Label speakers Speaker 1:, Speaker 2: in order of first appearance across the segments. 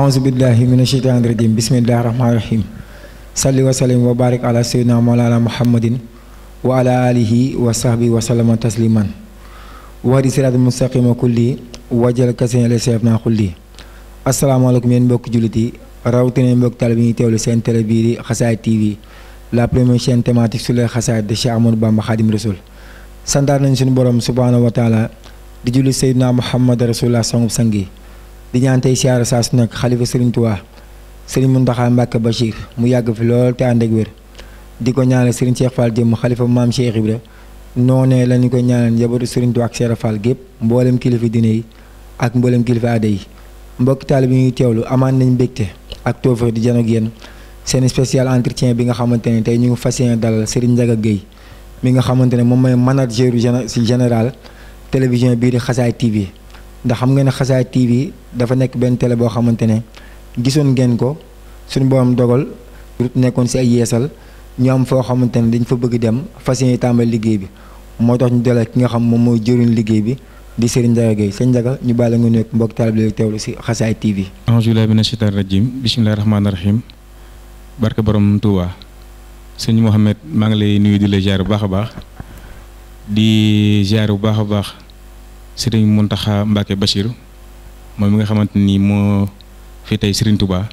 Speaker 1: aousubillahi min asheytaani rajim bismillahi rahmaani rahim salli wa salim wa barik ala sayyidina mawlana muhammadin wa ala alihi wa sahbi wa sallama tasliman wax di siraat mustaqima kulli wajal kasin la seef naa xulli asalaamaaleykum yéen mbokki jullit yi rawatina mbokki tali bi ñuy teewlu seen télé bii di Xasaayid TV la première chaîne thématique sur les xasaayid de Cheikh Ahmadou Bamba Khadim Rasoul santaat nañ suñu borom subhaanahu di ñaan tey siyaara saa su nekk xalifa Serigne Touba Serigne Mountakha Mbacké Bachir mu yàgg fi lool te ànd ak di ko ñaanal Serigne Cheikh Fall jëm xalifa maam Cheikh Ibra noonee la ñu ko ñaanal njabootu Serigne Touba ak Cheikh Fall gépp mboolem kilifi diine yi ak mboolem kilifa aada yi mbokki taalibe bi ñuy teewlu amaan nañ mbégte ak toofe di janoog yéen seen spécial entretien bi nga xamante ne tey ñu fasin fas yéene dalal Serigne Ndiaga Guèye mi nga xamante ne moom mooy manager général télévision bii di Xasaay TV. ndax xam nga ne xasaay TV dafa nekk benn tele boo xamante ne gisoon ngeen ko suñu borom dogal nekkoon si ay yeesal ñu am foo xamante ne dañ fa bëgg dem fas yéene tàmbal liggéey bi moo tax ñu dalal ki nga xam moom mooy jëriñ liggéey bi di Serigne Ndiaga Gueye Serigne Ndiaga ñu bàyyi la nga nekk mbokk taalibe yi teewlu si xasaay TV.
Speaker 2: a'uuzu billaahi mina shaytaani rajiim bismillaahi rahmaani rahiim barke borom Touba sëñ Mouhamed maa ngi lay nuyu di la ziar bu baax a baax di ziar bu baax a baax. sëriñ tax Mbacké Bachir moom mi nga xamante ni moo fi tey sëriñ Touba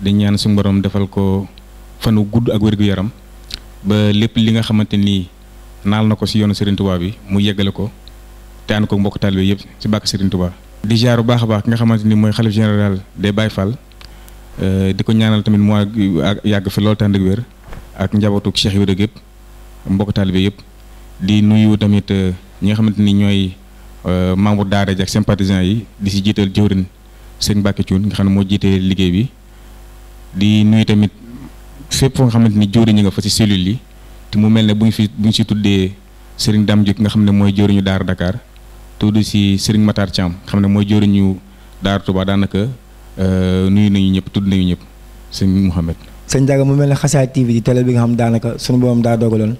Speaker 2: di ñaan suñu borom defal ko fanu gudd ak wér gu yaram ba lépp li nga xamante nii naal na ko si yoonu sëriñ Touba bi mu yeggale ko te ànd ko mbokk taalibe yëpp ci bàkk sëriñ Touba. di jaar bu baax baax ki nga xamante ni mooy xalif général des Baye Fall euh, di ko ñaanal tamit mu yàgg fi loolu tànd ak wér ak njabootu Cheikh Ibrahima yëpp mbokk taalibe yëpp di nuyu tamit euh, ñi nga xamante ni ñooy. Euh, membre daara ji ak sympathisant yi di si jiital jëwrin sëñ Mbacke Thioune nga xam ne moo jiitee liggéey bi di nuyu tamit fépp foo xamante ni jëwriñ ñi nga fa si yi mu mel ne bu ñu fi bu ñu si tuddee sëriñ Dame Diop nga xam ne mooy jëwriñu daara Dakar tudd si sëriñ Matar Thiam xam ne mooy jëwriñu daara Touba daanaka euh, nuyu nañu ñëpp tudd nañu ñëpp sëñ Mouhamed.
Speaker 1: sa Ndiaga mu mel ne Xasaay TV di télé bi nga xam daanaka suñu borom daa dogaloon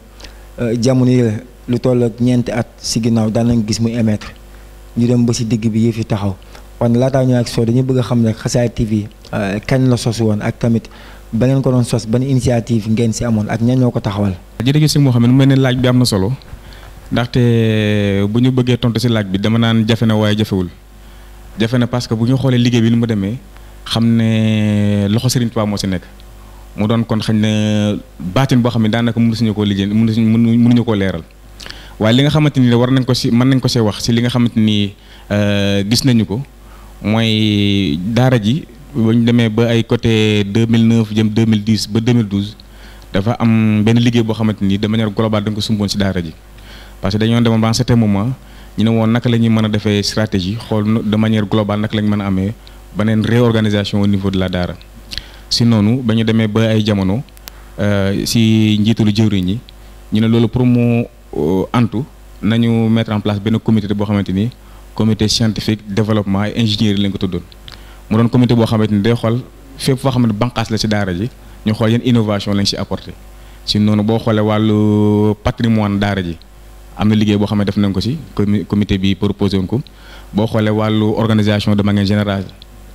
Speaker 1: euh, jamono yi la lu toll ak ñeenti at si ginnaaw daan nañ gis mu émettre ñu dem ba si digg bi yëf yi taxaw kon laataa ñu ak soo dañu bëgg a xam ne Qaça'id TV euh, kañ la sos woon ak tamit ba ngeen ko doon sos ban initiative ngeen si amoon ak ñan ñoo ko taxawal.
Speaker 2: jërëjëf si Mouhamed mu mel ne laaj bi am na solo ndaxte euh, bu ñu bëggee tontu si laaj bi dama naan jafe na waaye jafewul jafe na parce que bu ñu xoolee liggéey bi ni mu demee xam ne euh, loxo Serigne Touba moo si nekk. mu doon kon xañ ne baatin boo xam ne daanaka mënu suñu koo liggéey mënu mënuñu ko leeral waaye li nga xamante ni war nañ ko si mën ko see wax si li nga xamante ni euh, gis nañu ko mooy daara ji ba ñu demee ba ay côté 2009 jëm 2010 ba 2012 dafa am benn liggéey boo xamante ni de manière globale dañ ko sumboon si daara ji parce que dañoo demoon ba un certain moment ñu ne woon naka la ñuy mën a defee stratégie xool de manière globale naka la mën a amee beneen réorganisation au niveau de la daara si noonu ba ñu demee ba ay jamono euh, si njiitalu jëwriñ yi ñu ne loolu pour mu Euh, antu nañu mettre en place benn comité boo xamante ni comité scientifique développement et ingénierie lañ ko tuddoon mu doon comité boo xamante ni day xool fépp foo xam ne bànqaas la ci daara ji ñu xool yeen innovation lañ ci apporté si noonu boo xoolee wàllu patrimoine daara ji am na liggéey boo xam ne def nañ ko ci comité bi proposé woon ko boo xoolee wàllu organisation de manière général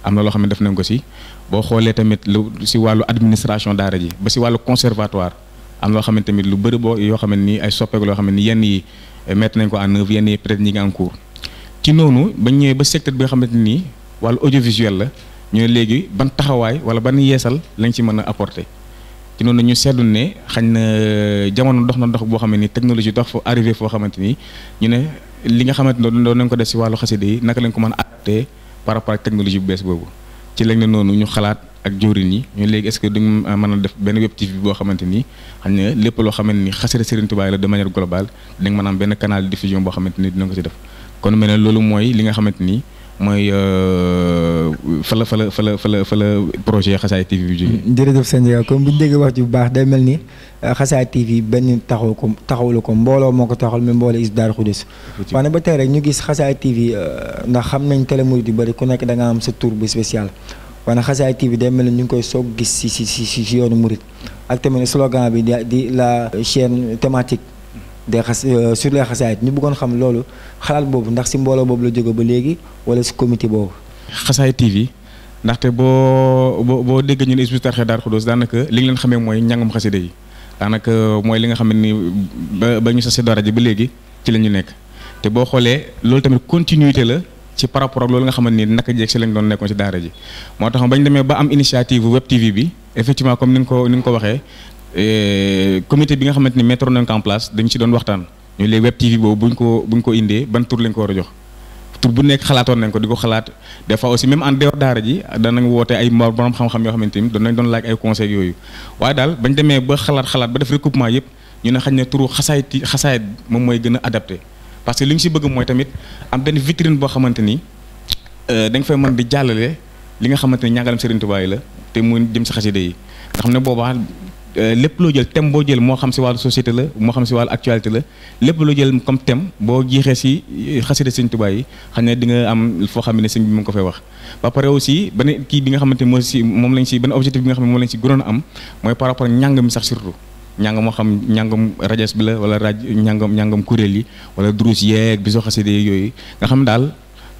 Speaker 2: am na loo xam ne def nañ ko ci boo xoolee tamit lu ci wàllu administration daara ji ba ci wàllu conservatoire am loo xamante tamit lu bëri boo yoo xam ne nii ay soppeeku loo xam ne ni yenn yi eh, mettre nañ ko en œuvre yenn yi peut être ñi ngi ci noonu ba ñëwee ba secteur bi nga xamante nii wala wàllu audiovisuel la ñu ne léegi ban taxawaay wala ban yeesal lañ ci mën a apporter ci noonu ñu seetlu ne xañ na euh, jamono dox na dox boo xam ne ni technologie dox foo arrivé foo xamante ni ñu ne li nga xamante ne doon nañ ko def si wàllu xasida yi naka lañ ko mën a adapté par rapport ak bu bees boobu ci ak jawriñ yi ñu léegi est-ce que duñ mën a def benn web TV boo xamante ni xam ne lépp loo xamante ni xasida Serigne Touba la de manière globale mën a am benn canal de diffusion boo xamante ni ne loolu mooy li nga xamante ni mooy fa euh, fa la fa la fa projet Xasaay TV bi jógee. Mm,
Speaker 1: jërëjëf comme bu ñu déggee bu baax day mel ni euh, Xasaay TV benn taxaw ko taxawlu ko mbooloo moo ko taxawal mais mbooloo is Daaru Xudus. waaye ba tey rek ñu gis Xasaay TV euh, ndax xam nañ télé murid yu bëri ku nekk da nga am sa tour bu spécial. wana Xasaayid TV day mel ni ñu ngi koy soog gis si si si si yoonu murit ak tamit slogan bi di la chaîne thématique des xas euh, sur les xasaayid ñu bëggoon xam loolu xalaat boobu ndax si mbooloo boobu la jóge ba léegi wala si
Speaker 2: comité boobu. Xasaayid TV ndaxte boo boo boo déggee ñu ne Hizbut Tarqiyyah Daaru Xudoos daanaka li ñu leen xamee mooy njàngum xasida yi daanaka mooy li nga xam ne ni ba ba ñu sasee daara ji ba léegi ci la ñu nekk te boo xoolee loolu tamit continuité la. ci par rapport ak loolu nga xamante ni naka jeeg si lañ doon nekkoon si daara ji moo tax bañ demee ba am initiative web TV bi effectivement comme ni nga ko ni nga ko waxee eh, xamante ni mettre nañ dañ ci doon waxtaan ñu léegi web ko buñ ko indee ban tur lañ a jox tur bu nekk xalaatoon nañ ko di ko xalaat des fois aussi même en dehors daara ji danañ ay borom xam-xam yoo xamante ni doon nañ doon laaj ay conseils yooyu waaye daal bañ demee ba xalaat xalaat ba def recoupement yëpp ñu ne xañ ne turu xasaayit xasaayit moom mooy gën a adapté parce que li ñu si bëgg mooy tamit am benn vitrine boo xamante ni euh, da fay man di jàllale li nga xamante ni ñàngalam Serigne Touba yi la te mu jëm si xasida yi nga xam ne boobaa euh, lépp loo jël thème boo jël moo xam si wàllu société la moo xam si wàllu actualité la lépp loo jël comme thème boo jeexee si euh, xasida Serigne Touba yi xam ne di nga am foo xam ne sëñ bi mu ngi ko fay wax. ba pare aussi benn kii bi nga xamante ni si moom lañ si benn objectif bi nga xam ne moom lañ si a am mooy par rapport mi sax surtout. ñàngam xam ñàngam rajas bi la wala raj ñàngam ñàngam kuréel yi wala durus yeeg bi soo xasee yooyu nga xam daal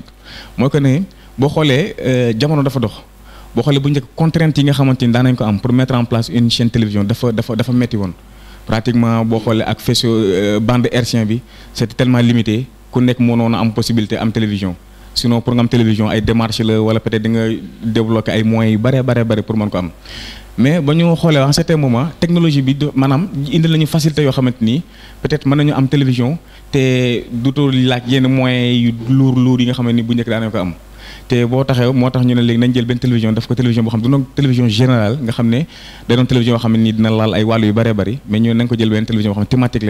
Speaker 2: climatique mooy que ne boo xoolee euh, jamono dafa dox boo xoolee bu njëkk contrainte yi nga xamante ni daan nañ ko am pour mettre en place une chaîne télévision dafa dafa dafa metti woon pratiquement boo xoolee ak faisceau euh, bande hertzien bi c'était tellement limité ku nekk mënoon a am possibilité am télévision sinon pour nga am télévision ay démarches la wala peut-être di nga débloquer ay moyens yu bare bare bare pour mën ko am mais ba ñu xoolee en certain moment technologie bi maanaam indil nañu facilité yoo xamante ni peut-être mën nañu am télévision te duto laaj yenn moyens yu lourd yi nga xam ni bu njëkk daanaka am. te boo taxee moo tax ñu ne léegi nañ jël benn télévision def ko télévision boo xam ne du télévision générale nga xam ne day doon télévision xam ne nii dina laal ay wàllu yu bëree bëri mais ñu nañ ko jël benn télévision boo xam ne thématique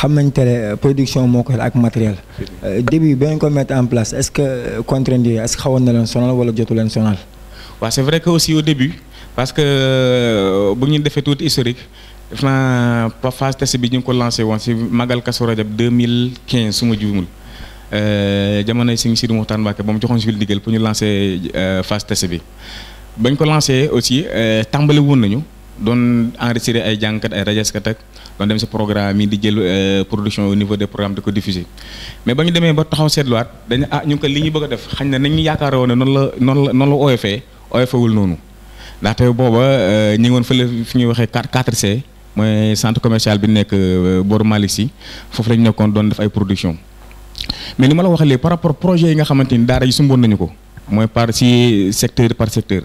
Speaker 1: xam nañ télé euh, production moo koy ak matériel euh, début bi ko mettre en place est-ce que euh, contrainte yi est-ce que xawoon na leen sonal wala jotu leen sonal.
Speaker 2: waaw c'est vrai que aussi au début parce que bu ñu defee tuuti historique def naa phase test bi ñu ngi ko lancé woon si Magal Kazu Rajab 2015 su ma juumul jamonoy si Sidi Mokhtar Mbacké ba mu joxoon si diggal pour ñu lancé phase test bi bañ ko lancé aussi tàmbali woon nañu. doon enregistré ay jàngkat ay rajaskat ak doon dem si programme yi di jël euh, production au niveau des programmes di ko diffuser mais ba ñu demee ba taxaw seetluwaat dañu ah ñu ko li ñu bëgg a def xañ na ni ñu yaakaar woon ne noonu la noonu la noonu la oyofee e noonu ndaxte booba euh, ñu ngi woon fële fi ñuy waxee 4C mooy centre commercial bi nekk euh, booru Malick Sy foofu la ñu nekkoon doon def ay production mais li ma la wax léegi par rapport projet yi nga xamante ni daara sumboon nañ ko mooy par si secteur par secteur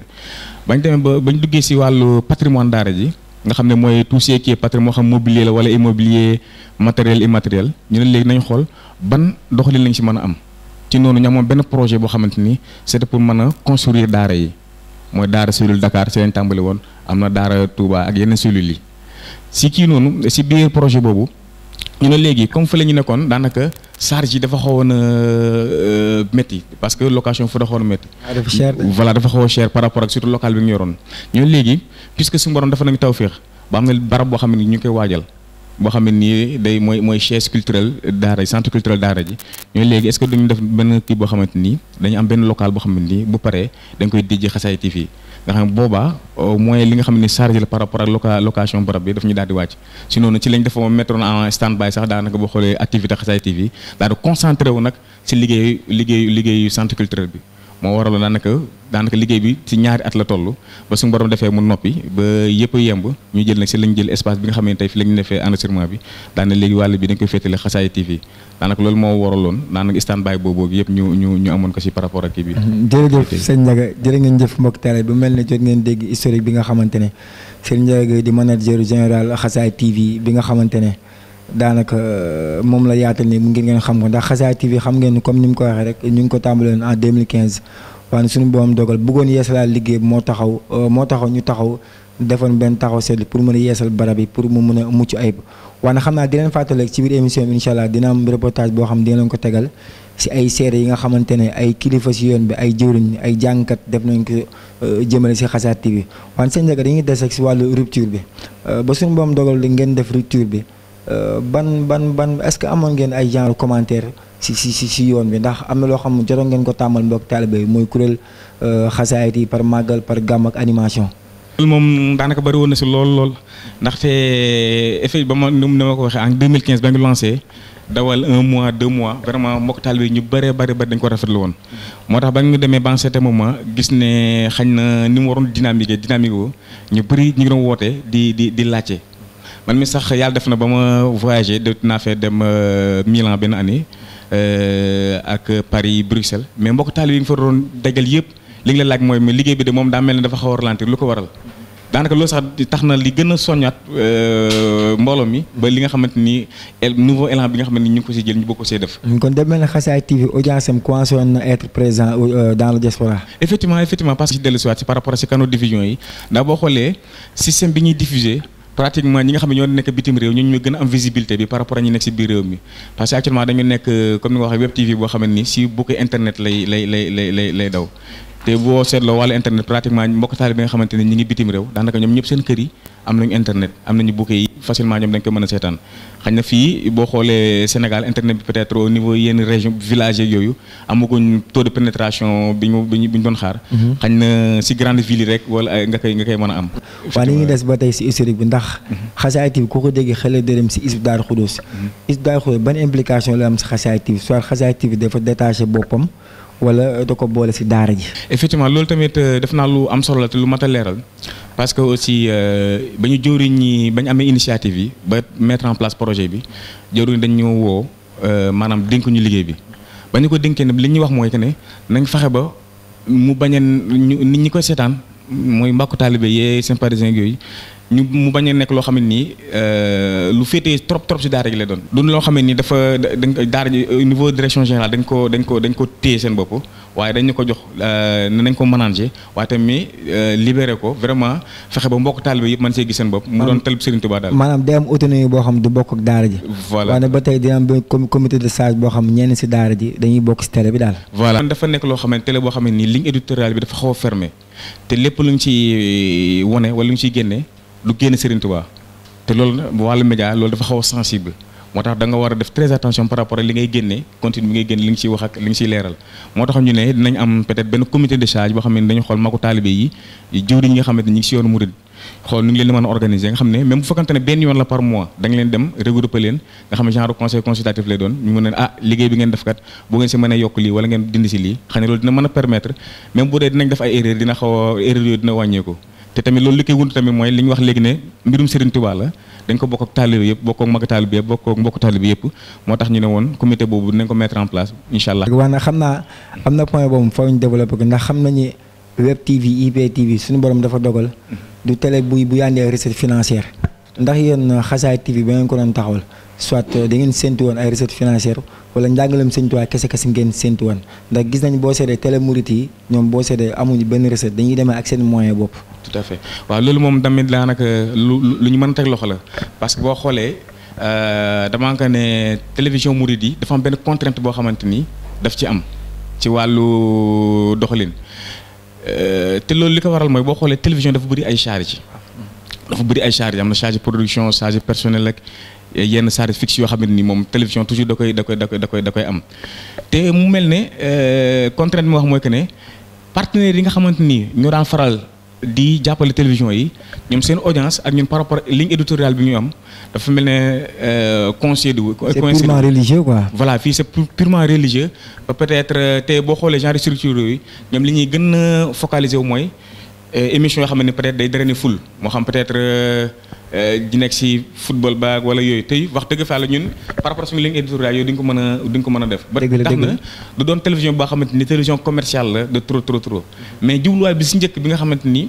Speaker 2: bañ demee ba bañ duggee si wàllu patrimoine daara ji nga xam ne mooy tout ce qui est patrimoine moo xam mobilier la wala immobilier matériel immatériel ñu ne léegi nañu xool ban doxalin lañ si mën a am ci noonu ñu amoon benn projet boo xamante ni c'était pour mën a construire daara yi mooy daara cellule Dakar si tàmbali woon am na daara Touba ak yeneen cellules yi si kii noonu si biir projet boobu. ñu ne léegi comme fa ñu nekkoon daanaka charge yi dafa xawoon euh, euh, métti parce que location fa dafa xawoon métti. Ah, voilà dafa xaw a par rapport ak surtout local bi ñu yoroon. ñu ne léegi puisque suñu borom dafa nañu tawféex ba am na barab boo xam ne ñu ngi koy waajal boo xam ne nii day mooy mooy chaise culturelle daara ji centre culturel ji ñu ne léegi est-ce que benn kii boo xamante nii dañu am benn local boo xam ne nii bu paree dañ koy dijji Xasaay TV fii nga xam boobaa au moins li nga xam ne charge la par rapport ak loca location barab bi daf ñu daal di wàcc si noonu ci lañ dafa mettre en stand by sax daanaka boo xoolee activité Xasaay TV daal di concentré wu nag si liggéeyu liggéeyu liggéeyu centre culturel bi moo waraloon daanaka daanaka liggéey bi ci ñaari at la toll ba suñu borom defee mu noppi ba yëpp yemb ñu jël nag si lañ jël espace bi nga xamante ne tey fi lañ defee enregistrement bi daanaka léegi wàll bi dañ koy féetale Xasaayid TV daanaka loolu moo waraloon daanaka standby boobu yëpp ñu ñu ñu amoon ko si par rapport ak kii bi. Mhm.
Speaker 1: mel ne jot ngeen dégg historique bi nga xamante ne sëñ Ndiaga di manager général Xasaayid TV bi nga xamante ne daanaka euh, moom la yaatal ni ngir ngeen xam ko ndax Qaça'id TV xam ngeen ni comme ni mu ko waxee rek ñu ngi ko tàmbaloon en 2015 waaye suñu boobam dogal bëggoon yeesalaat liggéey bi moo taxaw euh, moo taxaw ñu taxaw defoon benn taxaw seetlu pour mën a yeesal barab yi pour mu mën a mucc ay waaye xam naa di leen fàttaleeg ci biir émission bi incha allah dina am reportage boo xam dina leen ko tegal si ay seere yi nga xamante ne ay kilifa si yoon bi ay jëwriñ ay jàngkat def nañ ko euh, jëmale si Qaça'id TV waaye seen njëkk dañuy des si wàllu rupture bi ba suñu boobam dogal ngeen def rupture bi Euh, ban ban ban est-ce que amoon ngeen ay genre commentaire si si si si yoon bi ndax am na loo xam jotoon ngeen ko tàmmal mbokk taalibe yi mooy kuréel euh, xasaayit yi par maggal par gammak animation.
Speaker 2: moom daanaka bëri woon na si lool lool ndaxte effet ba ma ni ma ko waxee en 2015 ba ngi lancé dawal un mois deux mois vraiment mbokk taalibe ñu bëree bëri bëri dañ ko rafetlu woon. moo tax ba nga demee ba certain moment gis ne xañ na ni mu waroon dynamique dynamique ñu bëri ñu ngi doon woote di di di laajte. man mi sax yàlla def na ba ma voyagé de naa fee dem euh, Milan benn année euh, ak Paris Bruxelles mais mbokk taal yi nga fa doon dajal yëpp liggéey bi de moom daa mel ne dafa xaw a lu ko waral. daanaka loolu sax tax na li gën a soññaat euh, mbooloo mi ba li nga xamante ni nouveau élan bi nga xamante ni ñu ngi ko si jël ñu bokk ko see def.
Speaker 1: kon dem na Xasaay TV audience am commencé être présent dans la diaspora.
Speaker 2: effectivement effectivement parce que si dellusiwaat si par rapport si canaux bi ñuy diffuser. pratiquement ñi nga xam ne ñoo nekk bitim réew ñun ñu gën a am visibilité bi par rapport ak ñi nekk si biir réew mi parce que actuellement dañu nekk euh, comme ni nga waxee web TV boo xam ne nii si bokk internet lay lay lay lay lay daw te boo seetloo wàllu internet pratiquement mbokk taalibe nga xamante ne ñi ngi bitim réew daanaka ñoom ñëpp seen kër yi am nañu internet am nañu bouquet yi facilement ñoom dañ koy mën a seetaan xañ na fii boo xoolee Sénégal internet bi peut au niveau yenn région bi ñu bi ñu mhm. nga koy mën a am.
Speaker 1: waa li ñuy des ba tey si historique bi ndax. Mhm. Xasaayid TV ku ko déggee xel dërëm si Hizbut Tarqiyyah Khoudous. Mhm. Hizbut Tarqiyyah Khoudous ban implication la am si wala da ko boole si daara ji.
Speaker 2: effectivement loolu tamit euh, def naa lu am solo la te lu mat a leeral parce que aussi euh, ba ñu jëwriñ ñi ba ñu amee initiative yi ba mettre en place projet bi jëwriñ dañ ñu woo euh, maanaam dénk ñu liggéey bi ba ñu ko dénkee ne li ñuy wax mooy que ne nañ fexe ba mu bañ a nit ñi koy seetaan. muy mbàkku taalibe yee seen parisien yooyu ñu mu bañ a nekk loo xam ne nii euh, lu féetee trop trop si daara ji lay doon. du loo xam ne nii dafa dañ daara ji niveau direction générale dañ ko dañ ko dañ ko téye seen bopp. waaye dañ ñu ko jox euh, ne nañ ko manager waaye tamit euh, libéré ko vraiment fexe ba mbokk taalibe yëpp mën see gis seen bopp mu doon talib Serigne Touba daal maanaam
Speaker 1: day boo xam du bokk ak daara ji voilà waaye am comité de sage boo xam bokk si télé bi daal
Speaker 2: voilà nekk loo xam ne télé xam ne nii ligne éditoriale bi dafa xaw a fermé te lépp lu ñu ci euh, wone wala lu ñu ciy génne lu génn Serigne Touba te loolu wàllu média loolu dafa xaw sensible moo tax danga war a def très attention par rapport li ngay génnee continue bi ngay génne li nga ciy wax li nga ne dinañ am peut xam ne dañu xool magu taalibe yi jëwriñ yi nga xamante ñi ngi si yoonu murid xool nu ngi leen di mën a organiser nga xam ne même bu fekkante ne benn yoon la par mois da leen dem regrouper leen nga xam ne genre conseil consultatif lay doon ñu mën a ah liggéey bi ngeen def kat bu ngeen si mënee yokk lii wala ngeen dindi si lii xam ne loolu dina te tamit loolu li koy wund tamit mooy li ñu wax léegi ne mbirum Serigne Touba la dañ ko bokk ak taalibe yëpp bokk ak mag taalibe yëpp bokk ak mbokk taalibe yëpp moo tax ñu ne woon comité boobu dinañ ko mettre en place incha allah.
Speaker 1: waaw nag xam naa am na point boobu foo ñu développé ko ndax xam nañu web TV IP TV suñu borom dafa dogal du télé buy bu yàndee recette financière ndax yéen xasaay TV ba ngeen ko doon taxawal. soit euh, da ngeen séntu woon ay recette financière wala njàngalem sëñ Tuubaa kese kese ngeen séntu woon ndax gis nañ boo seetee télé murit yi ñoom boo seetee amuñu benn recette dañuy demee ak seen moyen bopp.
Speaker 2: tout à fait waaw loolu moom tamit daanaka lu lu ñu mën a teg loxo la parce que boo xoolee euh, damaa ko ne télévision murit yi dafa am benn contrainte boo xamante ni daf ci am ci wàllu doxalin euh, te loolu li ko waral mooy boo xoolee télévision dafa bëri ay charge dafa bëri ay charge am na charge personnel ak. yenn charge fixe yoo xam ni moom télévision toujours da koy da koy da koy da koy am te mu mel ne euh, contrainte bi ma wax mooy que ne partenaires yi nga xamante ni ñoo daan faral di jàppale télévision yi ñoom seen audience ak ñun par rapport ligne éditoriale bi ñu am dafa mel ne euh, conseil du. c'est purement
Speaker 1: religieux quoi.
Speaker 2: voilà fii c'est purement religieux peut-être euh, te boo xoolee genre structure yooyu ñoom li ñuy gën a focaliser wu mooy. Euh, émission yoo xam ne peut-être day drainer foule moo xam peut-être euh, euh, di nekk ci football baag wala yooyu tey wax dëgg fa la ñun par rapport suñu ligne éditoriale yooyu duñ ko mën a duñ ko mën a def. ba tax na du doon télévision boo xamante ni télévision commercial la de trop trop trop. mais jubluwaay bi ci njëkk bi nga xamante ni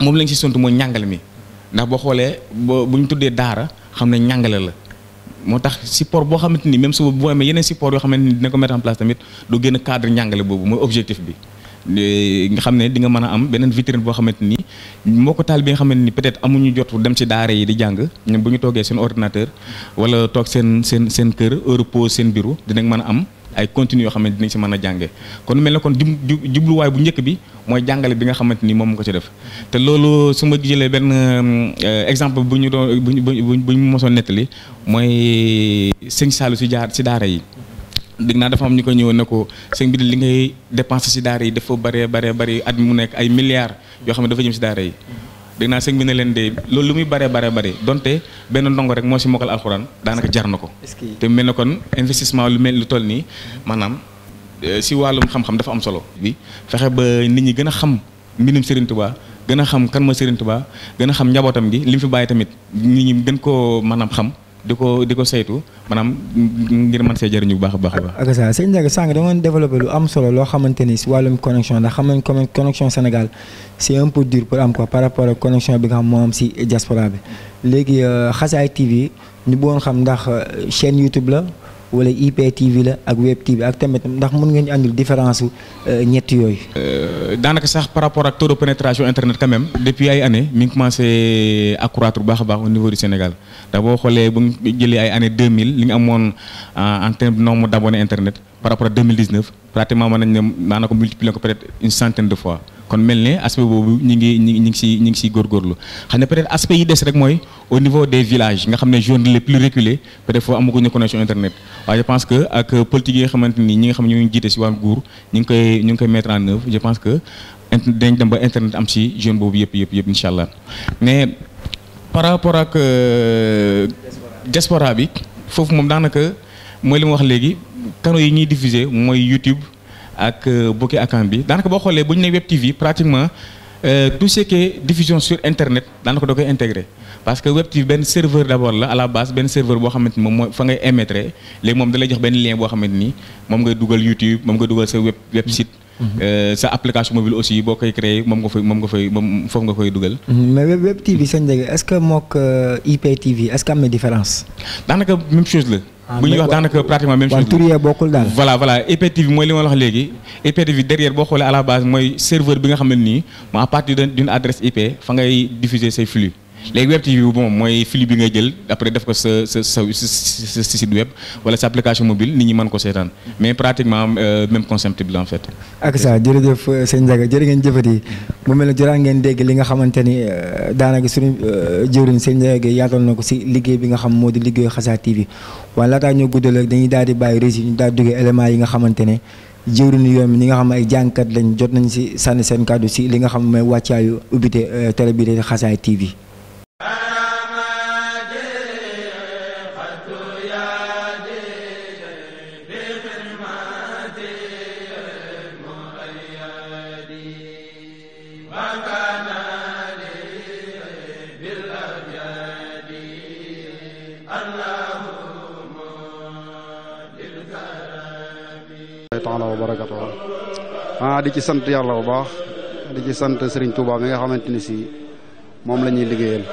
Speaker 2: moom lañ si sont mooy ñàngale mi ndax boo xoolee boo bu ñu tuddee daara xam ne ñàngale la. moo tax support boo xamante ni même suba bu amee yeneen yoo xamante ni dina ko tamit du gën a cadre boobu mooy bi. nga xam ne di nga mën a am beneen vitrine boo xamante ni mbokk taal bi nga xamante ni peut-être amuñu jot dem ci daara yi di jàng ñoom bu ñu toogee seen ordinateur wala toog seen seen seen kër heure pause seen bureau dinañ mën a am ay continue yoo xamante dinañ si mën a jànge kon mel ne kon jubluwaay bu njëkk bi mooy jàngale bi nga xamante ni moom mu nga ci def te loolu su ma jëlee benn euh, exemple bu ñu doon bu ñu bu ñu mosoon nettali mooy sëñ Saalu si jaar si daara yi dégg naa dafa am ñu ko ñëwoon ne ko seng bi li ngay dépense si daara yi dafa bëree bëree bëri at mu nekk ay milliards yoo xam ne dafa jëm si daara yi dégg naa sëñ bi ne leen de loolu lu muy bëree bëree bëri donte benn ndongo rek moo si mokkal alxuraan daanaka jar na ko te mel na kon investissement lu mel lu toll nii maanaam si euh, wàllum xam-xam dafa am solo bi fexe ba nit ñi gën a xam mbirum Serigne Touba gën a xam kan moo Serigne Touba gën a xam njabootam gi li fi bàyyi tamit nit ñi gën koo maanaam xam di ko di ko saytu maanaam ngir man see jëriñu bu baax a baax.
Speaker 1: ak ça sëñ Ndiaga sànq da ngeen développé lu am solo loo xamante ni si wàllum connexion ndax xam nañ comme connexion Sénégal c' est un peu dur pour am ko par rapport ak connexion bi nga xam moo si diaspora bi léegi euh, Xasaay TV ñu bëggoon xam ndax euh, chaîne YouTube la. wala IPTV la ak web TV ak tamit ndax mën nga ñu àndil différence
Speaker 2: euh, ñett yooyu. Euh, daanaka sax par rapport ak taux de pénétration internet quand depuis ay années mi ngi commencé baax a baax au niveau du Sénégal ndax boo xoolee bu ñu jëlee ay années 2000 li ñu amoon en terme nombre d'abonnés internet par rapport à 2019 pratiquement mën nañ ne maanaam ko multiplier ko peut-être une centaine de fois kon mel ne aspect boobu ñu ngi ñu ngi si ñu ngi siy góorgóorlu xam ne peut-être aspect yi au niveau des villages nga xam ne zones les plus reculées peut-être foofu amaguñu connexion internet waaye je pense que ak politique yi nga xamante ni ñi nga xam ne ñoo jiite si wàllu nguur ñu ngi koy ñu ngi koy mettre en œuvre je que dañ dem ba internet am si zone boobu yëpp yëpp yëpp incha allah mais par rapport ak euh, diaspora bi foofu moom daanaka mooy li mu wax léegi canaux yi ñuy diffuser mooy YouTube ak euh, bokki akan bi daanaka boo xoolee bu ñu ne Web TV pratiquement. Euh, tout ce qui est diffusion sur internet ko da koy intégré parce que web TV benn serveur d'abord la à la base benn serveur boo xamante ni moom mooy fa ngay moom da lay jox benn lien xamante ni moom ngay dugal YouTube moom nga dugal sa web website. Mhm. Euh, sa application mobile aussi boo koy créé moom nga fay moom nga fay moom foofu nga koy dugal.
Speaker 1: Mhm. mais web TV sa njëg est-ce que mook euh, IPTV est-ce que am na différence. daanaka même chose la.
Speaker 2: Ah, bu ñuy wax daanaka pratiquement même chose tur yee bokkul daal voilà voilà EPTV mooy li ma la wax léegi EPTV derrière boo xoolee à mooy serveur bi nga xam ne nii mu à partir d'une adresse IP fa ngay diffuser say flux léegi web tv bon mooy fili bi ngay jël après def ko sa sa sa sa site web wala sa application mobile nit ñi mën ko seetaan mais pratiquement euh, même concept bi la en fait.
Speaker 1: ak ça jërëjëf euh, sëñ Ndiaga jërë ngeen jëfati mu mel ne jërë ngeen dégg li nga xamante ni euh, daanaka suñu jëwriñ sëñ Ndiaga yaatal na ko si liggéey bi nga xam moo di liggéeyu Xasa TV waaye laataa ñoo guddal ak dañuy daal di bàyyi régie ñu daal di duggee éléments yi nga xamante ne. jëwriñu yoon mi ñi nga xam ay jàngkat lañ jot nañ si sànni seen kàddu si li nga xam mooy wàccaayu ubbite télé bi di Xasaay TV
Speaker 3: ah di ci sant yàlla bu baax di ci sant Serigne Touba mi nga xamante ni si moom la ñuy liggéeyal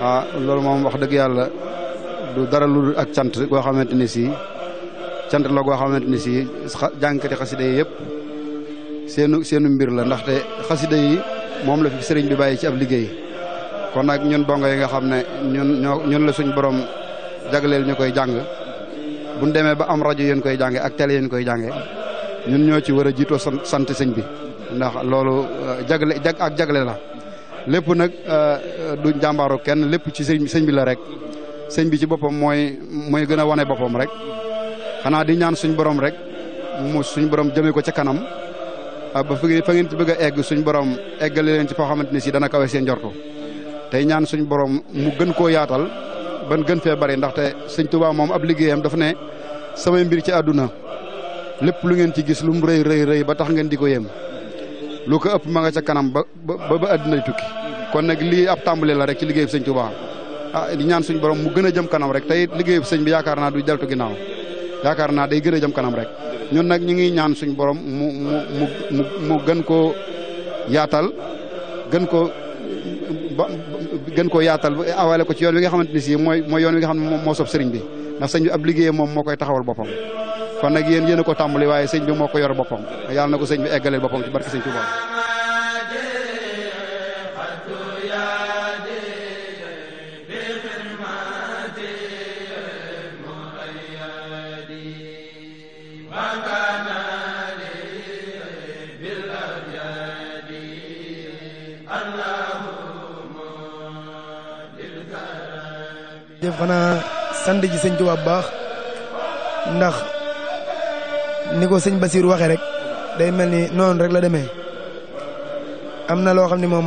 Speaker 3: ah loolu moom wax dëgg yàlla du dara lu ak cant goo xamante ni si cant la goo xamante ni si jànkati xasida yi yëpp seenu seenu mbir la ndaxte xasida yi moom la fi sëriñ bi bàyyi ci ab liggéey kon nag ñun dongo yi nga xam ne ñun ñun la suñ borom jagleel ñu koy jàng buñ demee ba am rajo yéen koy jànge ak télé yéen koy jànge ñun ñoo ci war a jiitoo sant sëñ bi ndax loolu euh, jagle jag ak jagle la lépp nag euh, euh, du jàmbaaru kenn lépp ci sëñ sëñ bi la rek sëñ bi ci boppam mooy mooy gën a wane boppam rek xanaa di ñaan suñ borom rek mu suñ borom jëmee ko ci kanam ah, ba fa ngeen ci bëgg egg suñ borom eggale leen ci foo xamante ni si dana kawe seen njortu tey ñaan suñ borom mu gën koo yaatal ban gën fee bari ndaxte sëñ Tuubaa moom ab liggéeyam dafa ne samay mbir ci àdduna lépp lu ngeen ci gis lu mu rëy rëy rëy ba tax ngeen di ko yem lu ko ëpp ma nga ca kanam ba ba ba àddina kon nag lii ab tàmbale la rek ci liggéeyub sëñ Tuubaa ah di ñaan borom mu gën a jëm kanam rek tey liggéeyub sëñ bi yaakaar naa du deltu ginnaaw yaakaar naa gën a jëm kanam rek ñun nag ñu ngi ñaan suñ borom mu mu gën koo yaatal gën ko ba gën koo yaatal awale ko ci yoon wi nga xamante ni si mooy mooy yoon wi nga xam ne moo sob sëriñ bi ndax sëñ bi ab liggéeyam moom moo koy taxawal boppam kon nag yéen yéen a ko tàmbali waaye sëñ bi moo ko yor boppam yàlla na ko sëñ bi eggaleel boppam ci barke sëñ Tuuba
Speaker 4: def xanaa sant ji sëñ Tuuba bu baax ndax ni ko sëñ Basiir waxee rek day mel ni noonu rek la deme am na loo xam ne moom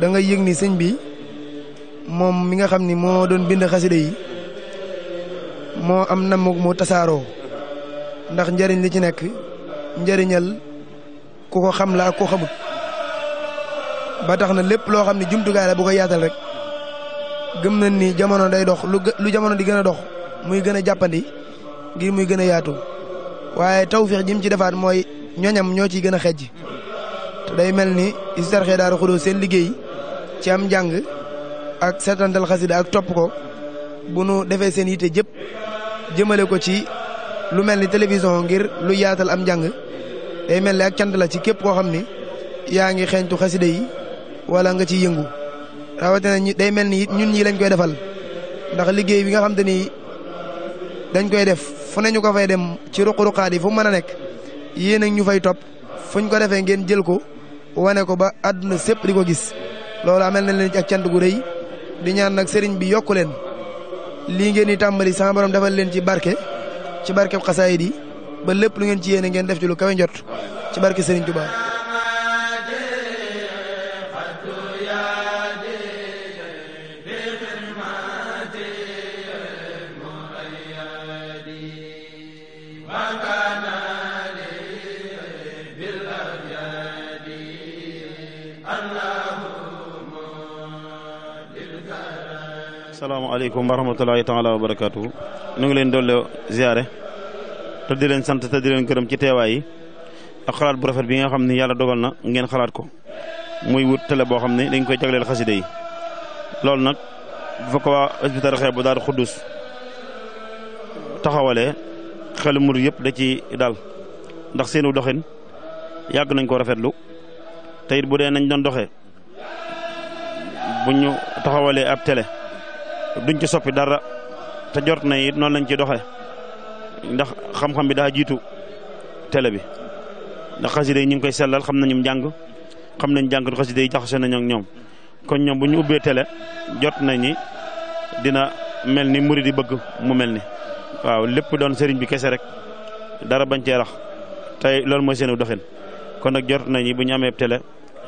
Speaker 4: da nga yëg ni sëñ bi moom mi nga xam ni moo doon bind xasida yi moo am na mu mu tasaaroo ndax njëriñ li ci nekk njëriñal ku ko xam la ak ku xamut ba na lépp loo xam ne jumtukaay la bu ko yaatal rek gëm nañ ni jamono day dox lu lu jamono di gën a dox muy gën a jàppandi ngir muy gën a yaatu. waaye tawféex ji ci defaat mooy ñoñam ñoo ciy gën a xejj te day mel ni Hizbut Tarqiyyah Daaru Xudoos seen liggéey ci am njàng ak setantal xasida ak topp ko bu nu defee seen yitte jëpp jëmale ko ci lu mel ni télévision ngir lu yaatal am njàng day mel ni ak cant la ci képp koo xam ni yaa ngi xeeñtu xasida yi wala nga ciy yëngu rawatina ñi day mel ni ñun ñii lañ koy defal ndax liggéey bi nga xam ni dañ koy def fu ne ñu ko fay dem ci ruq-ruqaat fu mën a nekk yéen ak ñu fay topp fuñ ko defee ngeen jël ko wane ko ba àdduna sépp di ko gis loolu amel nañ leen ci gu rëy di ñaan nag sëriñ bi yokku leen lii ngeen di tàmbali sama borom defal leen ci barke ci barkeb xasaayid di ba lépp lu ngeen ci yéene ngeen def ci lu kawe njot ci barke sëriñ Tuubaa
Speaker 5: asalaamaaleykum wa rahmatulahi taala wa barakaatu ñu ngi leen doole ziare te di leen sant te di leen gërëm ci teewaay yi ak xalaat bu rafet bi nga xam ne yàlla dogal na ngeen xalaat ko muy wut télé boo xam ne dañ koy jagleel xasida yi loolu nag bu fa ko waa hôpital xeeb bu daal xuddus taxawalee xelu mur yëpp da ci daal ndax seenu doxin yàgg nañ ko rafet te it bu dee nañ doon doxee bu ñu taxawalee ab télé duñ ci soppi dara te jort na it noonu lañ ci doxale ndax xam-xam bi daa jiitu tele bi ndax xasida yi ñu ngi koy sellal xam nañu njàng xam nañ jàngat xasida yi jaxase nañ ak ñoom kon ñoom bu ñu ubbee télé jot na ni dina mel ni murid yi bëgg mu mel ni waaw lépp doon sëriñ bi kese rek dara bañ cee rax tey loolu mooy seenu doxin kon nag jot nañi bu ñu amee télé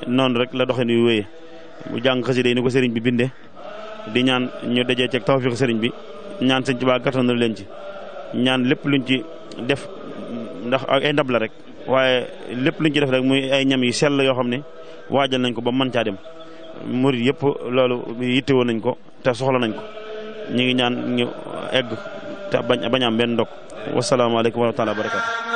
Speaker 5: noonu rek la doxin yu wéyee bu jàng xasida yi ni ko sëriñ bi bindee di ñaan ñu dajee ci tawfiq sëriñ bi ñaan sëñ Tuubaa gàttanu leen ci ñaan lépp luñ ci def ndax ay ndab la rek waaye lépp luñ ci def rek muy ay ñam yu sell yoo xam ne waajal nañ ko ba mën caa dem murit yëpp loolu yittewoo nañ ko te soxla nañ ko ñu ngi ñaan ñu egg te bañ bañ am benn ndog wasalaamaaleykum wa rahmatulah wa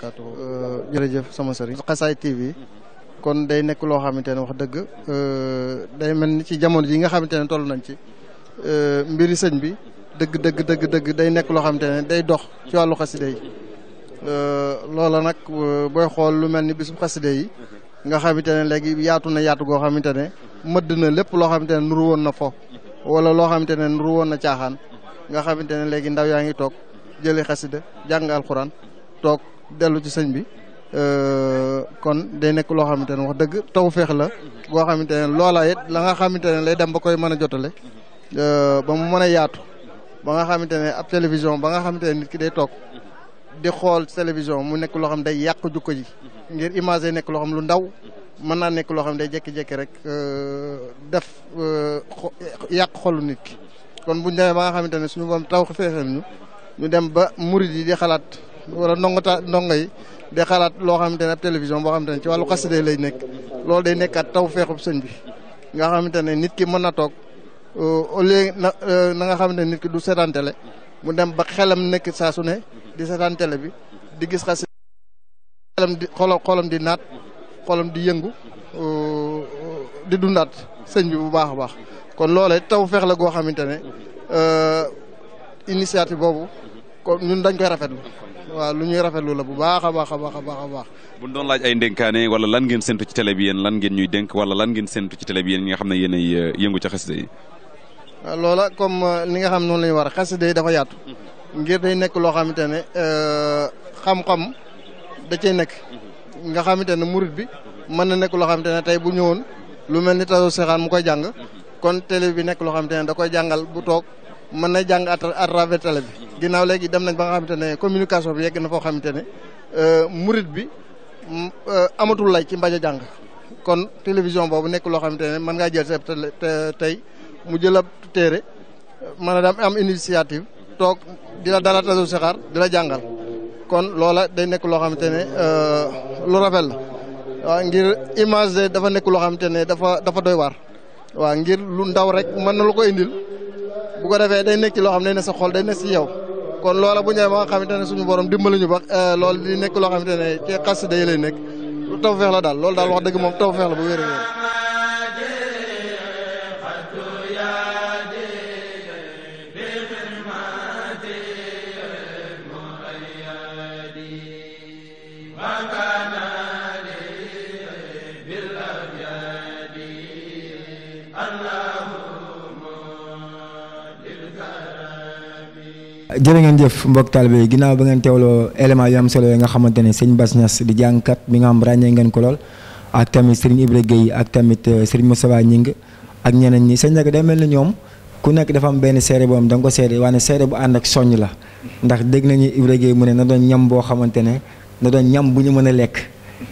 Speaker 6: barakaatu. Euh, jërëjëf sama sëriñ. Qaça'id TV. kon day nekk loo xamante ne wax dëgg euh, day mel ni ci jamono ji nga xamante ne toll nañ ci euh, mbiri sëñ bi dëgg dëgg dëgg dëgg day nekk loo xamante ne day dox ci wàllu xaside yi loola nag booy xool lu mel ni bisub xaside yi nga xamante ne léegi yaatu na yaatu goo xamante ne mëdd na lépp loo xamante ne nuru woon na wala loo xamante ne nuru woon na caaxaan nga xamante ne léegi ndaw yaa ngi toog jëlee xasida jàng alxuraan toog dellu ci sëñ bi euh, kon day nekk loo xamante ne wax dëgg taw feex la boo xamante ne loola it la nga xamante ne lay dem ba koy mën a jotale euh, ba mu mën a yaatu ba nga xamante ne ab télévision ba nga xamante ne nit ki day toog di xool télévision mu nekk loo xam day yàq jukko ji ngir image nekk loo xam lu ndaw mën naa nekk loo xam day jékki-jékki rek euh, def yàq xolu nit ki kon buñ demee ba nga xamante ne suñu borom taw feexal ñu mu dem ba murid yi di xalaat wala ndongo ta ndongo yi di xalaat loo xam ne ab télévision boo xamante ne ci wàllu xasida lay nekk loolu day nekkaat taw feexub sëñ bi nga xamante ne nit ki mën na toog euh, au lieu na euh, na nga xamante ne nit ki du seetaan télé mu dem ba xelam nekk saa ne di seetaan télé bi di gis xas xelam di xolam xolam di naat xolam di yëngu euh, di dundaat sëñ bi bu baax a baax kon loolee taw feex la goo xamante ne initiative boobu kon ñun dañ koy rafet waaw lu ñuy rafetlu la bu baax a baax a baax a a baax
Speaker 2: laaj ay ndénkaane wala lan ngeen séntu ci télé bi yen lan ngeen ñuy dénk wala lan ngeen séntu ci télé bi yéen ñi nga xam ne yéen ay euh, yëngu ci xasida yi
Speaker 6: ah, loola comme euh, li nga xam noonu la war a xasida yi dafa yaatu mhm. ngir day nekk loo xamante ne euh, xam-xam da cay nekk mhm. nga xamante ne murit bi mën na nekk loo xamante ne tey bu ñëwoon lu mel ni tasu sexaan mu koy jàng mhm. kon télé bi nekk loo xamante ne da koy jàngal bu toog mën na jàng à travers télé bi. ginnaaw léegi dem nañ ba nga xamante ne communication bi yegg na foo xamante ne euh, murit bi mm, euh, amatul lay ci mbañ a kon télévision boobu nekk loo xamante ne mën ngaa jël sa tey mu jël ab téere mën a daam am initiative toog di la dara tasu saxaar kon loola day nekk loo xamante ne euh, lu rafet la waaw ngir image dafa nekk loo xamante ne dafa dafa doy waar waaw ngir lu ndaw rek mën na lu ko indil bu ko defee day nekk ci loo xam ne ne sa xol day nekk ci yow kon loola bu ñëwee ba nga xamante ne suñu borom dimbali ñu ba eh, loolu di nekk loo xamante ne ci xasida yi lay nekk lu tawfeex la daal loolu daal wax dëgg moom tawfeex la bu wér
Speaker 7: Allah
Speaker 1: jërë ngeen jëf mbokk taalibe yi ginnaaw ba ngeen teewloo élément yu am solo yi nga xamante ne sëñ Bass Niass di jàngkat mi nga xam ràññee ngeen ko lool ak tamit Serigne Ibra yi ak tamit euh, Serigne Moustapha Ñing ak ñeneen ñi sëñ nag day mel ni ñoom ku nekk dafa benn seere boo am da nga ko seere waane bu ànd ak soññ la ndax dégg nañu Ibra Gueye mu ne na doon ñam boo xamante ne na doon ñam bu ñu mën a lekk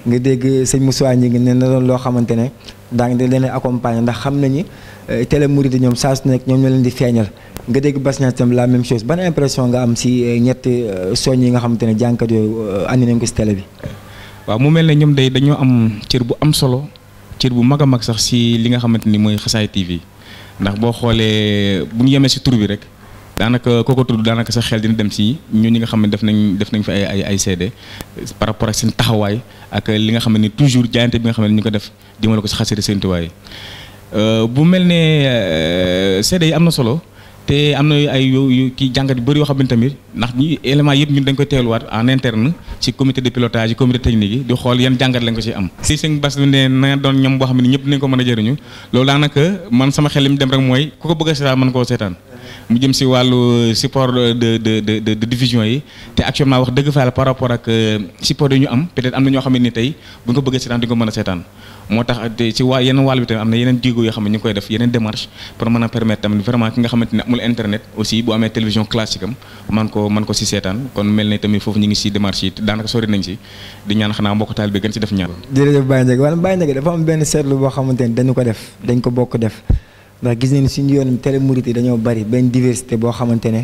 Speaker 1: nga dégg sëñ Moustapha Ñing ne na doon loo xamante ne daa ngi leen accompagner ndax xam nañu euh, télé Mouride ñoom saa su nekk ñoom ñoo leen di feeñal nga dégg Bass Niang tam la même chose ban impression nga am si euh, ñetti euh, soñ yi nga xamante ne jànkat yooyu
Speaker 2: euh, andi nañ ko si bi. waaw mu mel ne ñoom day dañoo am cër bu am solo cër bu mag a mag sax si li nga xamante ni mooy Xasaay TV ndax boo xoolee bu yemee si tur bi rek. daanaka kooku tudd daanaka sa xel dina dem si ñun ñi nga xam def nañ def nañ fi ay ay ay CD par rapport seen taxawaay ak li nga xam ne toujours jaayante bi nga xam ne ñu ko def dimbale ko si xasida seen tuwaay bu mel ne CD yi am na solo. te am na ay yu ki jàngat yu bëri yoo xam ne ndax ñi élément yëpp ñun dañ koy teeluwaat en interne ci comité de pilotage yi comité technique yi di xool yan jàngat lañ ko ci am si sëñ bas ne na doon ñoom boo xam ne ñëpp nañ ko mën a jëriñu loolu daanaka man sama xel li mu dem rek mooy ku ko bëgg a seetaan mën koo seetaan mu jëm si wàllu support de de yi te actuellement wax dëgg fa par rapport ak euh, support yi ñu am peut-être am na ñoo xam ne ni tey bu ñu ko bëgg a di duñ ko mën a seetaan moo tax ci waa yeneen wàll bi tamit am na yeneen diigo yoo xam ne ñu koy def yeneen démarche pour mën a permettre tamit vraiment ki nga xamante ne amul internet aussi bu amee télévision classique man ko man ko si seetaan kon mel na tamit foofu ñu ngi si démarche yi daanaka sori nañ si di ñaan xanaa mbokk taal bi gën si
Speaker 1: ne dañu ko def dañ ko bokk def ndax gis nañ suñu yoon télé murit yi dañoo bari benn diversité boo xamante ne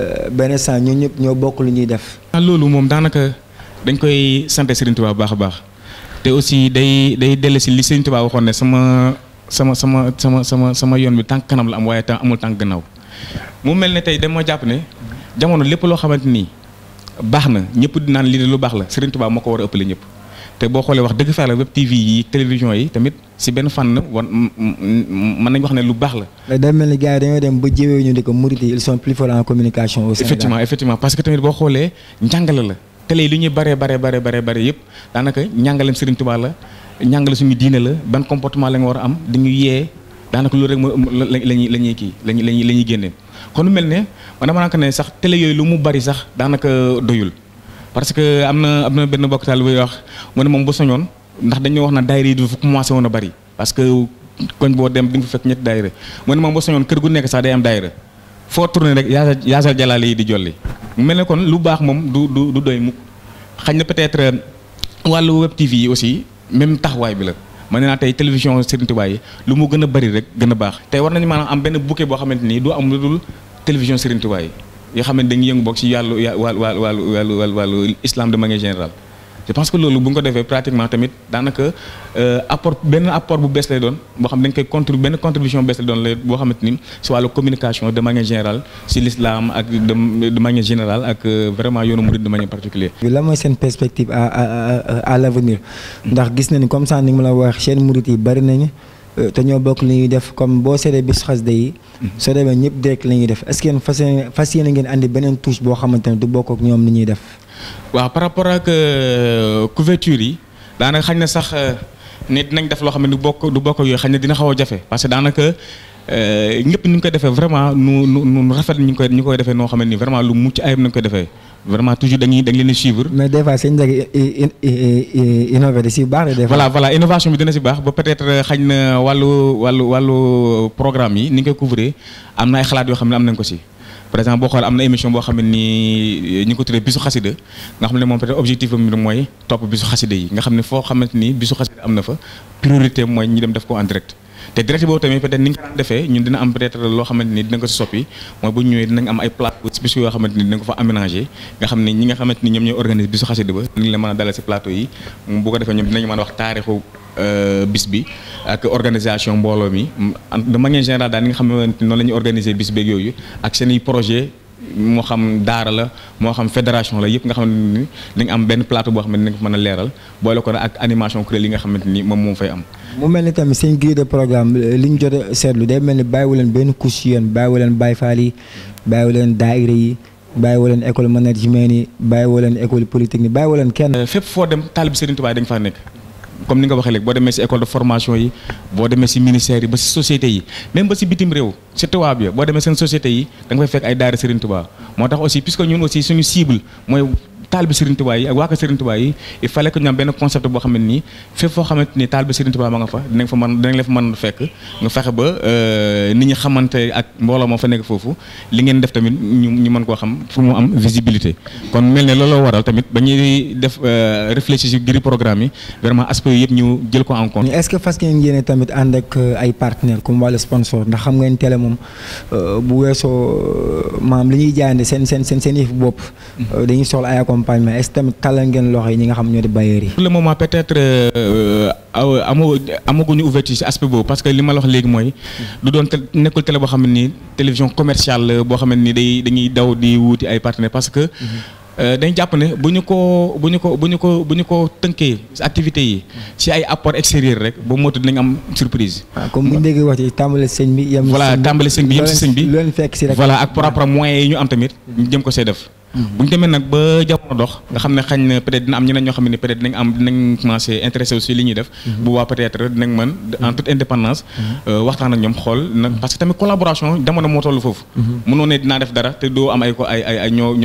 Speaker 1: euh, benn sant ñoo ñëpp ñoo bokk lu ñuy def
Speaker 2: ah, loolu moom daanaka dañ koy sant Serigne Touba baax baax te aussi day day dellu si li Sëñ Tuubaa waxoon ne sama sama sama sama sama sama yoon bi tànk kanam la am waaye tam amul tànk gannaaw mu mel ni tey dama jàpp ne jamono lépp loo xamante ni baax na ñëpp di naan lii de lu baax la Sëriñ Tuubaa moo ko war a ëppale ñëpp te boo xoolee wax dëgg fa la web TV yi télévision yi tamit si benn fan wan mën nañu wax ne lu baax
Speaker 1: la. day mel ni gars yi dañoo dem ba jéewee ñu ne ko murit yi ils plus forts en communication. au
Speaker 2: parce que tamit boo xoolee njàngale la. télé yi li ñuy bare bare bare bare bare yëpp daanaka ñàngaleem Serigne Touba la ñàngale suñu diine la ban comportement la nga war a am dañu yee daanaka loolu rek la ñuy la ñuy kii la ñuy la ñuy génne kon mel ne man dama ne sax télé lu mu bari sax daanaka doyul parce que am na am na benn bokk taal buy wax mu ne moom bu soñoon ndax dañoo wax na daayira yi dafa commencé woon a bari parce que koñ boo dem di nga fa fekk ñetti daayira mu ne moom bu soñoon kër gu nekk sax day am daayira foo tourné rek yaasal yaasal jalaale yi di jolli mel ne kon lu baax moom du du du doy mukk xañ na peut-être euh, wàllu web TV yi aussi même taxawaay bi la ma ne naa tey télévision Serigne Touba yi lu mu gën a bari rek gën a baax te war nañu ma maanaam am benn bouquet boo xamante nii du am lu dul télévision Serigne Touba yi yoo xam ne dañuy yëngu bokk ci yàllu wàllu wàllu wàllu wàllu islam de manière générale je pense que loolu bu ñu ko defee pratiquement tamit daanaka euh, apport benn apport bu bees lay doon boo xam dañ koy contri benn contribution bees lay doon lay boo xamante ni si wàllu communication de manière générale si l'islam ak de manière générale ak euh, vraiment yoonu murid de manière particulière la
Speaker 1: mooy seen perspective à l'avenir ndax gis ni comme ça ni ma la wax seen murid yi bari nañu euh, te ñoo bokk li ñuy def comme boo seetee bis xas yi mhm. soo demee ñëpp direct la ñuy def est-ce que yéen fas yéene fas ngeen indi beneen touche boo xamante ne du bokk ak ñoom li ñuy def
Speaker 2: waaw par rapport ak euh, couverture yi daanaka xañ na sax euh, nit nañ def loo xam ne du bokk du bokk yooyu xañ na dina xaw a jafe parce que daanaka euh, ñëpp ni ñu koy defee vraiment nu nu nu rafet ñu koy ñu koy defee noo xam ne nii vraiment lu mucc ayib nañ koy defee vraiment toujours dañuy dañ leen a suivre. mais
Speaker 1: des fois seen njëg si baax de. voilà
Speaker 2: voilà innovation bi dina si baax ba peut-être xañ na wàllu wàllu wàllu programme yi ni ñu koy couvrir am na ay xalaat yoo xam ne am nañ ko si. par exemple boo xoolee am na émission boo xam ne nii euh, ñu ko tuddee bisu xasida nga xam ne moom peut-être objectif am mooy topp bisu xasida yi nga xam ne dina ko fa aménager nga xam ne ñi nga xamante ñoom ñooy organiser bisu xasida ba dinañ la mën a dalal si plateau yi bu ko defee ñoom dinañ mën a wax taarixu Euh, bis bi ak organisation mbooloo mi de manière générale daal ni nga xamante noonu la ñuy organiser bis beeg yooyu ak seen i projet moo xam daara la moo xam fédération la yëpp nga xamante ni dañ am benn plateau boo xam ne dinañ ko mën a leeral boole ko nag ak animation kuréel yi nga xamante ni moom moom fay am.
Speaker 1: mu mel ni tamit seen grille de programme euh, li ñu jot a seetlu day mel ni bàyyiwu leen benn couche yéen bàyyiwu leen Baye Fall yi bàyyiwu leen daayira yi bàyyiwu leen école management yi bàyyiwu leen école polytechnique
Speaker 2: bàyyiwu leen kenn. Euh, fépp foo dem taalib Serigne Touba dañ faa nekk. comme ni nga waxee léegi boo demee si école de formation yi boo demee si ministère yi ba si société yi même ba si bitim réew ci tubaab ya boo demee seen société yi da fay fekk ay daara Serigne Touba moo tax aussi puisque ñun aussi suñu cible mooy taalibe Serigne Touba yi ak waa ko Serigne Touba yi fa euh, foofu li ngeen def tamit ñu ñu koo xam fu mu am visibilité kon mel ne looloo waral tamit ba ñuy def euh, réfléchir ci programme yi vraiment aspect yëpp ñu jël ko en est-ce
Speaker 1: que fas ngeen tamit ànd ak euh, ay partenaires comme wàllu sponsor ndax xam ngeen moom euh, bu weesoo euh, maam li ñuy jaayante seen seen seen seen yëfu bopp. Mhm. Euh, dañuy soxla ay accompagnement est tamit tàllal ngeen loxo yi ñi nga xam ñoo di bailleurs yi.
Speaker 2: pour le moment peut être amoo ouverture ci aspect boobu parce que li ma la léegi mooy. Mhm. du doon nekkul télé boo xam ne nii télévision commerciale boo xam ne nii day dañuy daw di wuuti ay partenaires parce que. Mhm. Euh, dañ jàpp ne bu ñu ko bu ñu ko bu ñu ko bu ñu ko tënkee activité yi ci ay apport extérieur rek ba motu dinañ am surprise. waaw
Speaker 1: ah, comme bu ñu wax ci tàmbali sëñ bi yem. voilà tàmbali sëñ bi yem si sëñ bi. loolu fekk si rek voilà ak par rapport
Speaker 2: moyens yi ñu am tamit. ñu jëm ko see def. Mm-hmm. bu ñu demee nag ba jamono dox nga xam ne xañ na peut dina am ñeneen ñoo xam ne peut être dinañ am dinañ commencé intéressé aussi li ñuy def mm-hmm. bu waa peut être dinañ mën en mm-hmm. toute indépendance euh, waxtaan ak ñoom xool nag parce que tamit collaboration jamono moo toll foofu mënoo ne dinaa def dara doo am ay ay ay ay ñoo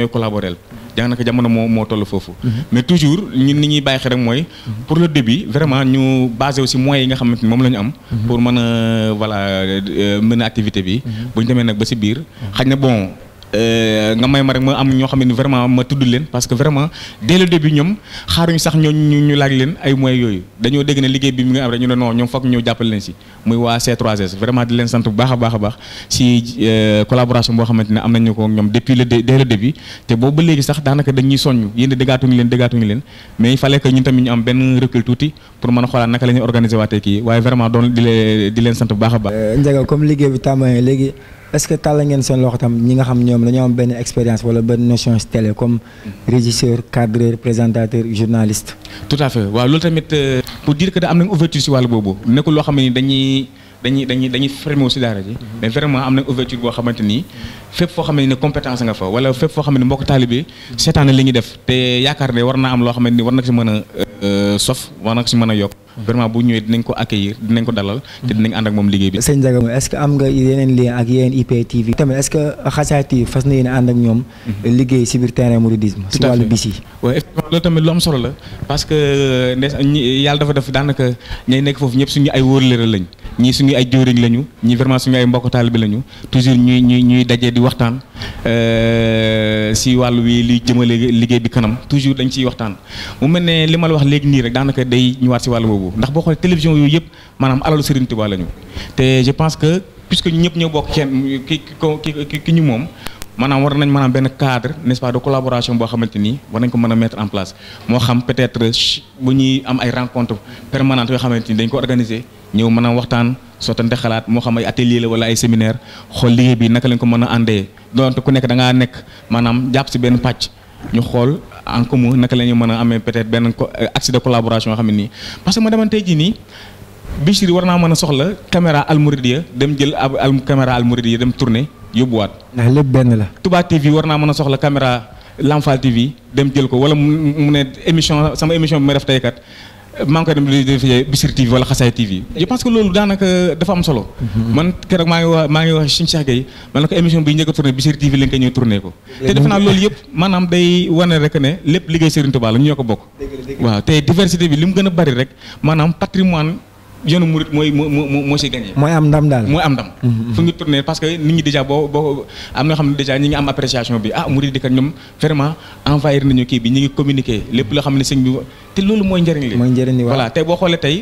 Speaker 2: jamono moo moo toll foofu mais toujours ñun ni ñuy bàyyi xel mooy pour le début vraiment ñu basé aussi moyens yi nga xamante ne moom la ñu am pour mën a voilà euh, mën a activité bi bu ñu demee nag ba si biir xañ na bon Euh, nga may ma rek ma am ñoo xam ne vraiment ma tudd leen parce que vraiment dès le début ñoom xaaruñu sax ñoo ñu ñu laaj leen ay moyens yooyu dañoo dégg ne liggéey bi mi nga am rek ñu ne non ñoom foog a baax a baax si euh, collaboration ko ñoom depuis le dès le début te boobu léegi sax daanaka dañuy soññ yéen déggaatuñu leen déggaatuñu leen mais il fallait que tamit ñu am benn recul tuuti pour mën a xoolaat naka la organiser waatee kii waaye vraiment doon di leen sant baax a baax euh,
Speaker 1: est-ce que tàll ngeen seen loxo tam ñi nga xam ñoom dañoo am benn expérience wala benn notion si télé comme régisseur cadreur
Speaker 2: présentateur journaliste. tout à fait waaw loolu tamit. Euh, pour dire que da am nañ ouverture si wàll boobu nekkul loo xam ne dañuy dañuy dañuy dañuy fermé si daara ji. mais vraiment am nañ ouverture boo xamante ni fépp foo xam ne compétence nga fa wala fépp foo xam ne mbokk taalibe seetaan na li ñuy def te yaakaar ne war naa am loo xamante ni war na si mën a euh, euh, sof war na ko mën a yokk. vraiment bu ñëwee dinañ ko accueillir dinañ ko dalal te dinañ ànd ak moom liggéey bi sëñ
Speaker 1: Ndiaga est-ce que am nga yeneen lien ak yeneen IPTV TV fas mhm. si biir terrain mouridisme si wàllu bis yi
Speaker 2: waaw effectivement tamit lu am solo la parce que euh, ndes ñi yàlla dafa def daanaka ñay nekk foofu ñëpp suñu ay wóorlëra lañ ñii suñu ay jóoriñ lañu ñii vraiment suñu ay mbokk taalibe lañu toujours ñuy ñuy ñuy dajee di waxtaan euh, si wàllu wi li jëmale liggéey bi kanam toujours dañ ciy waxtaan mu mel ne li ma la wax léegi nii rek daanaka day ñëwaat si wàllu boobu boobu ndax boo xoolee télévision yooyu yëpp maanaam alalu Serigne Touba lañu te je pense que puisque ñu ñëpp ñoo bokk kenn ki ki ki ñu moom maanaam war nañ maanaam benn cadre n'est-ce pas de collaboration boo xamante ni war nañ ko mën a mettre en place moo xam peut-être bu ñuy am ay rencontres permanentes yoo xamante ni dañ ko organiser ñëw mën a waxtaan sottante xalaat moo xam ay atelier la wala ay séminaire xool liggéey bi naka lañ ko mën a àndee donte ku nekk da ngaa nekk maanaam jàpp si benn ñu xool en commun naka la ñu mën a amee peut-être benn euh, axe de collaboration xam ne nii parce que ma demantee ji nii Bichri war naa mën a soxla caméra almouridia dem jël ab caméra almouridia dem tourné yóbbuwaat. ndax lépp benn la. Touba TV war naa mën a soxla caméra Lamfal TV dem jël ko wala mu ne émission sama émission bi may def tey kat. maa ngi koy dem di defee Bichri TV wala Xasaay TV je pense que loolu daanaka dafa am solo mhm. man keroog maa ngi wax maa ngi wax Sëñ Cheikh Gueye man la ko émission bi njëkk a tourné Bichri TV lañ koy ñëw tourné ko liggéey Serigne Touba la ñu ñoo ko bokk waaw te bi li mu gën a bari rek maanaam patrimoine yoonu murit mooy moo moo moo si gagné. mooy am ndam daal am ndam. Mhm, mhm. parce que nit ñi dèjà boo boo am na xam ne ñi ngi am appréciation bi ah murit di kat ñoom vraiment envahir kii bi ñu ngi communiqué lépp loo xam ne sëñ bi. te loolu mooy njëriñ li mooy njëriñ li voilà tey boo xoolee tey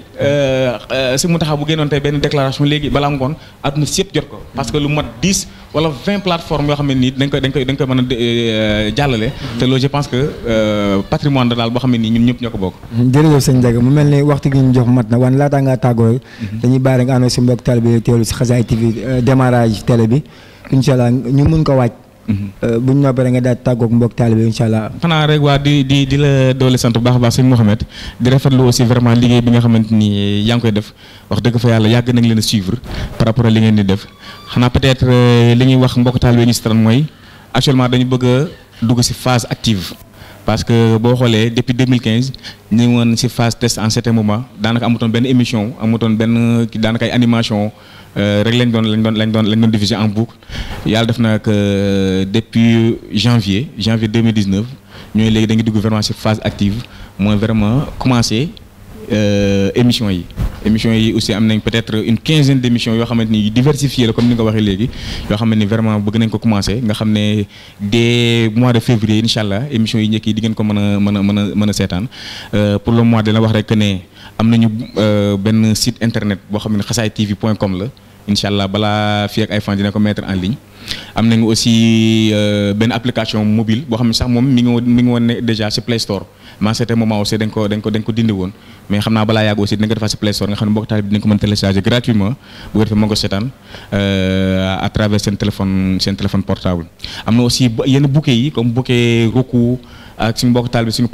Speaker 2: si mu taxaw bu génnoon tey benn déclaration léegi balaa ngoon àdduna si yëpp jot ko parce que lu mat dix wala vingt plateformes yoo xam ne nii dañ koy dañ koy dañ koy mën a euh, jàllale mm-hmm. te loolu je pense que euh, patrimoine da daal boo xam ne nii ñun ñëpp ñoo ko bokk
Speaker 1: mm-hmm. jërëjëf sëñ Ndiaga mu mel ni waxtu gi ñu jox mat na wan laataa ngaa tàggoo mm-hmm. dañuy bàyyi nga àndoo si mbokk télé bi teelu si Xasaay TV euh, démarrage télé bi Euh, bu ñu noppee nga daal tàggoog mbokk taalibe incha allah.
Speaker 2: xanaa rek waa di di di la doole sant bu baax a baax sëñ Mouhamed di rafetlu aussi vraiment liggéey bi nga xamante ni yaa ngi koy def wax dëgg fa yàlla yàgg nañ leen a suivre par rapport ak li ngeen di def xanaa peut-être euh, li ñuy wax mbokk taalibe ñu si tan mooy actuellement dañu bëgg dugg si phase active. parce que boo xoolee depuis 2015 ñu ngi woon si phase test en certain moment daanaka amutoon benn émission amutoon benn daanaka ay animation. Euh, rek lañ doon lañ doon lañ doon lañ doon diviser en boucle yàlla def na que euh, depuis janvier janvier ñooy léegi dañuy dugg vraiment ci phase active mooy vraiment commencer euh, émission yi émission yi aussi am nañ peut-être une quinzaine d'émissions yoo xamante ni diversifiées la comme ni nga ko waxee léegi yoo xamante ni vraiment bëgg nañ ko commencer nga xam ne dès mois de février incha allah émissions yi njëkk di ngeen ko mën a mën a mën seetaan pour le mois dina wax rek ne. am nañu euh, benn site internet boo xam ne xasaay tv point com la incha allah balaa fii ak dina ko mettre en ligne am nañu aussi euh, benn application mobile boo xam ne sax moom mi ngi woon mi ngi woon ne déjà si Play Store maa certain moment aussi dañ ko dañ ko dañ ko defaat si Play nga xam ne mbokk taalibe bi dinañ ko mën télécharger gratuitement bu ko defee mën seetaan euh, à seen téléphone portable am na aussi yenn bouquet yi comme bouquet Roku ak suñu mbokk taalibe bi suñu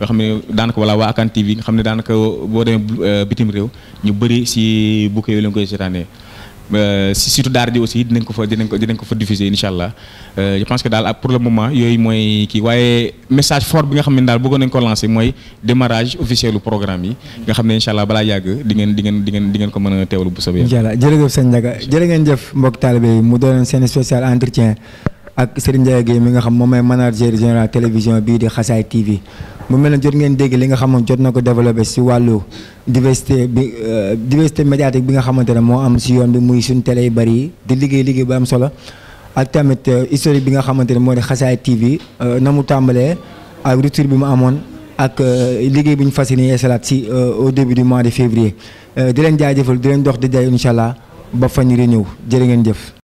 Speaker 2: yoo xam ne daanaka wala waa Akan TV nga xam ne daanaka boo demee euh, bitim réew ñu bëri si bouquet yooyu la koy seetaanee euh, si surtout daara ji aussi dinañ ko fa dinañ ko dinañ ko fa diffuser incha allah euh, je pense que daal pour le moment yooyu mooy kii waaye message fort bi nga xam ne daal bëggoon nañ ko lancer mooy démarrage officiel programme yi nga xam ne incha allah balaa yàgg di ngeen di ngeen di ngeen di ngeen ko mën a teewlu bu soobee. incha
Speaker 1: allah ngeen jëf mbokk taalibe ak Serigne Ndiaye Guèye nga xam moom mooy manager général télévision bii di Xasaay TV mu mel ne jot ngeen dégg li nga xamoon jot na ko développé si wàllu diversité bi euh, diversité médiatique bi nga xamante ne moo am si yoon bi muy suñ télé yu bëri yi di liggéey liggéey bu am solo ak tamit euh, historique bi nga xamante ne moo di Xasaay TV euh, na mu tàmbalee ak rupture bi mu amoon ak liggéey bi ñu fas yéene yeesalaat si au début du mois de février di leen jaajëfal di di jaay incha allah ba fa ñu ñëw jërë ngeen jëf.